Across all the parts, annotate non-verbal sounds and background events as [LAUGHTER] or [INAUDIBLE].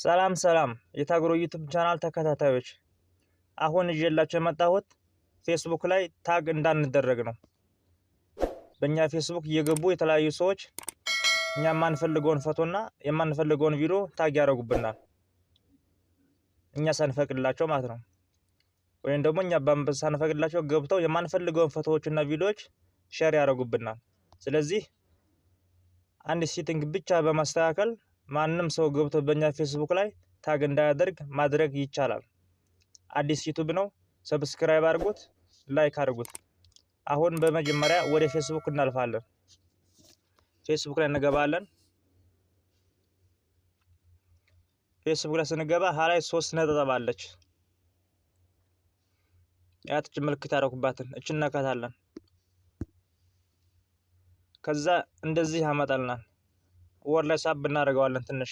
ሰላም ሰላም የታግሮ ዩቱብ ቻናል ተከታታዮች፣ አሁን እየላችሁ የመጣሁት ፌስቡክ ላይ ታግ እንዳንደረግ ነው። በእኛ ፌስቡክ እየገቡ የተለያዩ ሰዎች እኛ የማንፈልገውን ፎቶና የማንፈልገውን ቪዲዮ ታግ ያደርጉብናል፣ እኛ ሳንፈቅድላቸው ማለት ነው። ወይም ደግሞ እኛ ሳንፈቅድላቸው ገብተው የማንፈልገውን ፎቶዎችና ቪዲዮዎች ሼር ያደርጉብናል። ስለዚህ አንድ ሴቲንግ ብቻ በማስተካከል ማንም ሰው ገብቶ በእኛ ፌስቡክ ላይ ታግ እንዳያደርግ ማድረግ ይቻላል። አዲስ ዩቱብ ነው። ሰብስክራይብ አድርጉት፣ ላይክ አድርጉት። አሁን በመጀመሪያ ወደ ፌስቡክ እናልፋለን። ፌስቡክ ላይ እንገባለን። ፌስቡክ ላይ ስንገባ ሀላይ ሶስት ነጥብ አለች። ያትች ምልክት ያደረኩባትን እች እነካታለን። ከዛ እንደዚህ ያመጣልናል። ወር ላይ ሳብ እናደርገዋለን ትንሽ።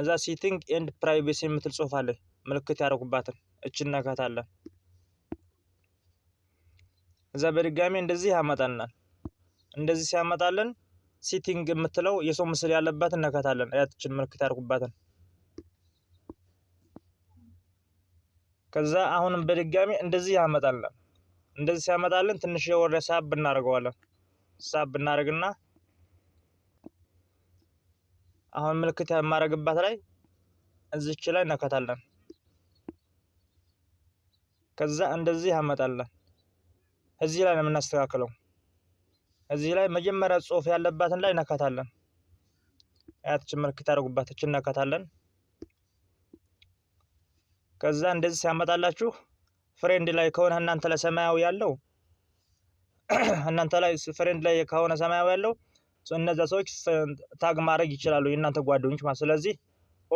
እዛ ሴቲንግ ኤንድ ፕራይቬሲ የምትል ጽሁፍ አለ። ምልክት ያደረጉባትን እች እነካታለን። እዛ በድጋሚ እንደዚህ ያመጣልናል። እንደዚህ ሲያመጣልን ሴቲንግ የምትለው የሰው ምስል ያለባት እነካታለን። ያችን ምልክት ያደርጉባትን ከዛ አሁንም በድጋሚ እንደዚህ ያመጣልናል። እንደዚህ ሲያመጣልን ትንሽ የወረ ሳብ እናደርገዋለን። ሳብ እናደርግና አሁን ምልክት የማረግባት ላይ እዚች ላይ እነካታለን። ከዛ እንደዚህ ያመጣለን። እዚህ ላይ ነው የምናስተካክለው። እዚህ ላይ መጀመሪያ ጽሁፍ ያለባትን ላይ እነካታለን። አያትችን ምልክት እች እነካታለን። ከዛ እንደዚህ ሲያመጣላችሁ ፍሬንድ ላይ ከሆነ እናንተ ላይ ሰማያዊ ያለው [CLEARS THROAT] እናንተ ላይ ፍሬንድ ላይ ከሆነ ሰማያዊ ያለው እነዚያ ሰዎች ታግ ማድረግ ይችላሉ፣ የእናንተ ጓደኞች ማለት። ስለዚህ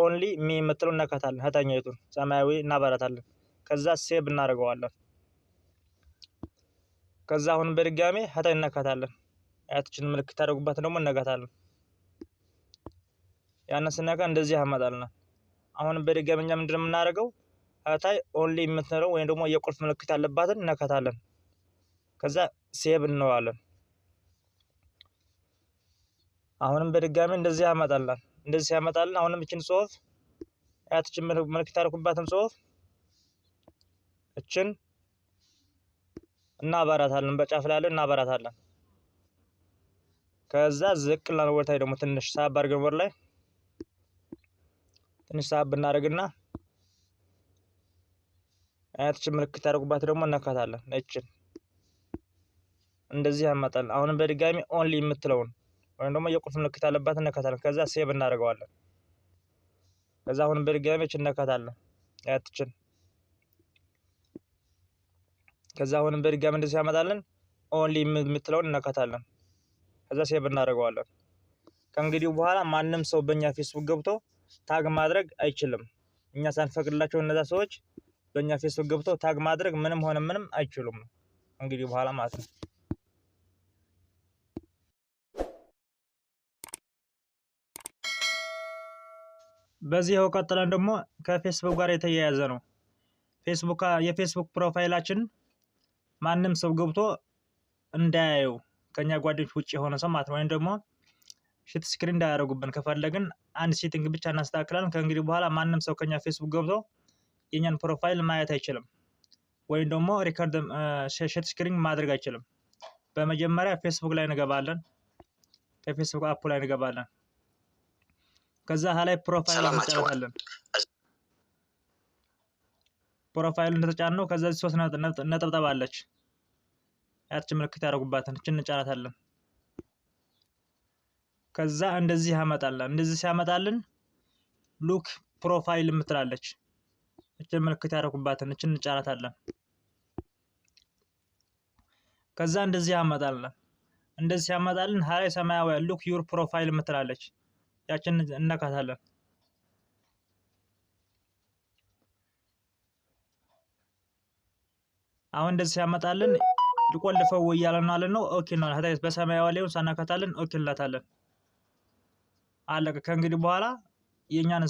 ኦንሊ ሚ የምትለው እነካታለን፣ ከተኛይቱን ሰማያዊ እናበረታለን። ከዛ ሴብ እናደርገዋለን። ከዛ አሁን በድጋሜ ሀተን እነካታለን። አያቶችን ምልክት ታደርጉበት ደግሞ እነጋታለን። ያንን ስነካ እንደዚህ ያመጣልናል። አሁን በድጋሚ እኛ ምንድን የምናደርገው ሀታይ ኦንሊ የምትለው ወይም ደግሞ የቁልፍ ምልክት ያለባትን እነካታለን። ከዛ ሴብ እንለዋለን። አሁንም በድጋሚ እንደዚህ ያመጣልን እንደዚህ ያመጣልን። አሁንም እችን ጽሁፍ አያትችን ምልክት ያልኩባትን ጽሁፍ እችን እናበራታለን፣ በጫፍ ላይ እናበራታለን። ከዛ ዝቅ ላን ወርታይ ደግሞ ትንሽ ሳብ አድርገን ወር ላይ ትንሽ ሳብ እናደርግና አያትችን ምልክት ያደርጉባት ደግሞ እነካታለን። እችን እንደዚህ ያመጣልን። አሁንም በድጋሚ ኦንሊ የምትለውን ወይም ደግሞ የቁልፍ ምልክት ያለባት እነካታለን። ከዛ ሴብ እናደርገዋለን። ከዛ አሁንም በድጋሚ እችን እነካታለን። ያትችን ከዛ አሁንም በድጋሚ እንደዚህ ያመጣለን። ኦንሊ የምትለውን እነካታለን። ከዛ ሴብ እናደርገዋለን። ከእንግዲህ በኋላ ማንም ሰው በእኛ ፌስቡክ ገብቶ ታግ ማድረግ አይችልም። እኛ ሳንፈቅድላቸው እነዛ ሰዎች በእኛ ፌስቡክ ገብቶ ታግ ማድረግ ምንም ሆነ ምንም አይችሉም። እንግዲህ በኋላ ማለት ነው። በዚህ ይኸው ቀጥለን ደግሞ ከፌስቡክ ጋር የተያያዘ ነው። ፌስቡክ የፌስቡክ ፕሮፋይላችን ማንም ሰው ገብቶ እንዳያየው ከኛ ጓደኞች ውጭ የሆነ ሰው ማለት ነው። ወይም ደግሞ ሽት ስክሪን እንዳያደርጉብን ከፈለግን አንድ ሴቲንግ ብቻ እናስተካክላለን። ከእንግዲህ በኋላ ማንም ሰው ከኛ ፌስቡክ ገብቶ የኛን ፕሮፋይል ማየት አይችልም፣ ወይም ደግሞ ሪከርድ ሽት ስክሪን ማድረግ አይችልም። በመጀመሪያ ፌስቡክ ላይ እንገባለን። ከፌስቡክ አፕ ላይ እንገባለን። ከዛ ላይ ፕሮፋይል እንጫወታለን። ፕሮፋይሉን ነው። ከዛ እዚህ ሶስት ነጠብጠብ አለች። ያቺ ምልክት ያደርጉባትን እችን እንጫናታለን። ከዛ እንደዚህ ያመጣልን። እንደዚህ ሲያመጣልን ሉክ ፕሮፋይል የምትላለች እችን ምልክት ያደርጉባትን እችን እንጫናታለን። ከዛ እንደዚህ ያመጣልን። እንደዚህ ያመጣልን ሀላይ ሰማያዊ ሉክ ዩር ፕሮፋይል የምትላለች ያችን እነካታለን። አሁን እንደዚህ ሲያመጣልን ልቆልፈው እያለን ማለት ነው። ኦኬ ነው ታዲያ በሰማያዊ ላይ ሳናካታለን ኦኬ እንላታለን። አለቀ። ከእንግዲህ በኋላ የእኛን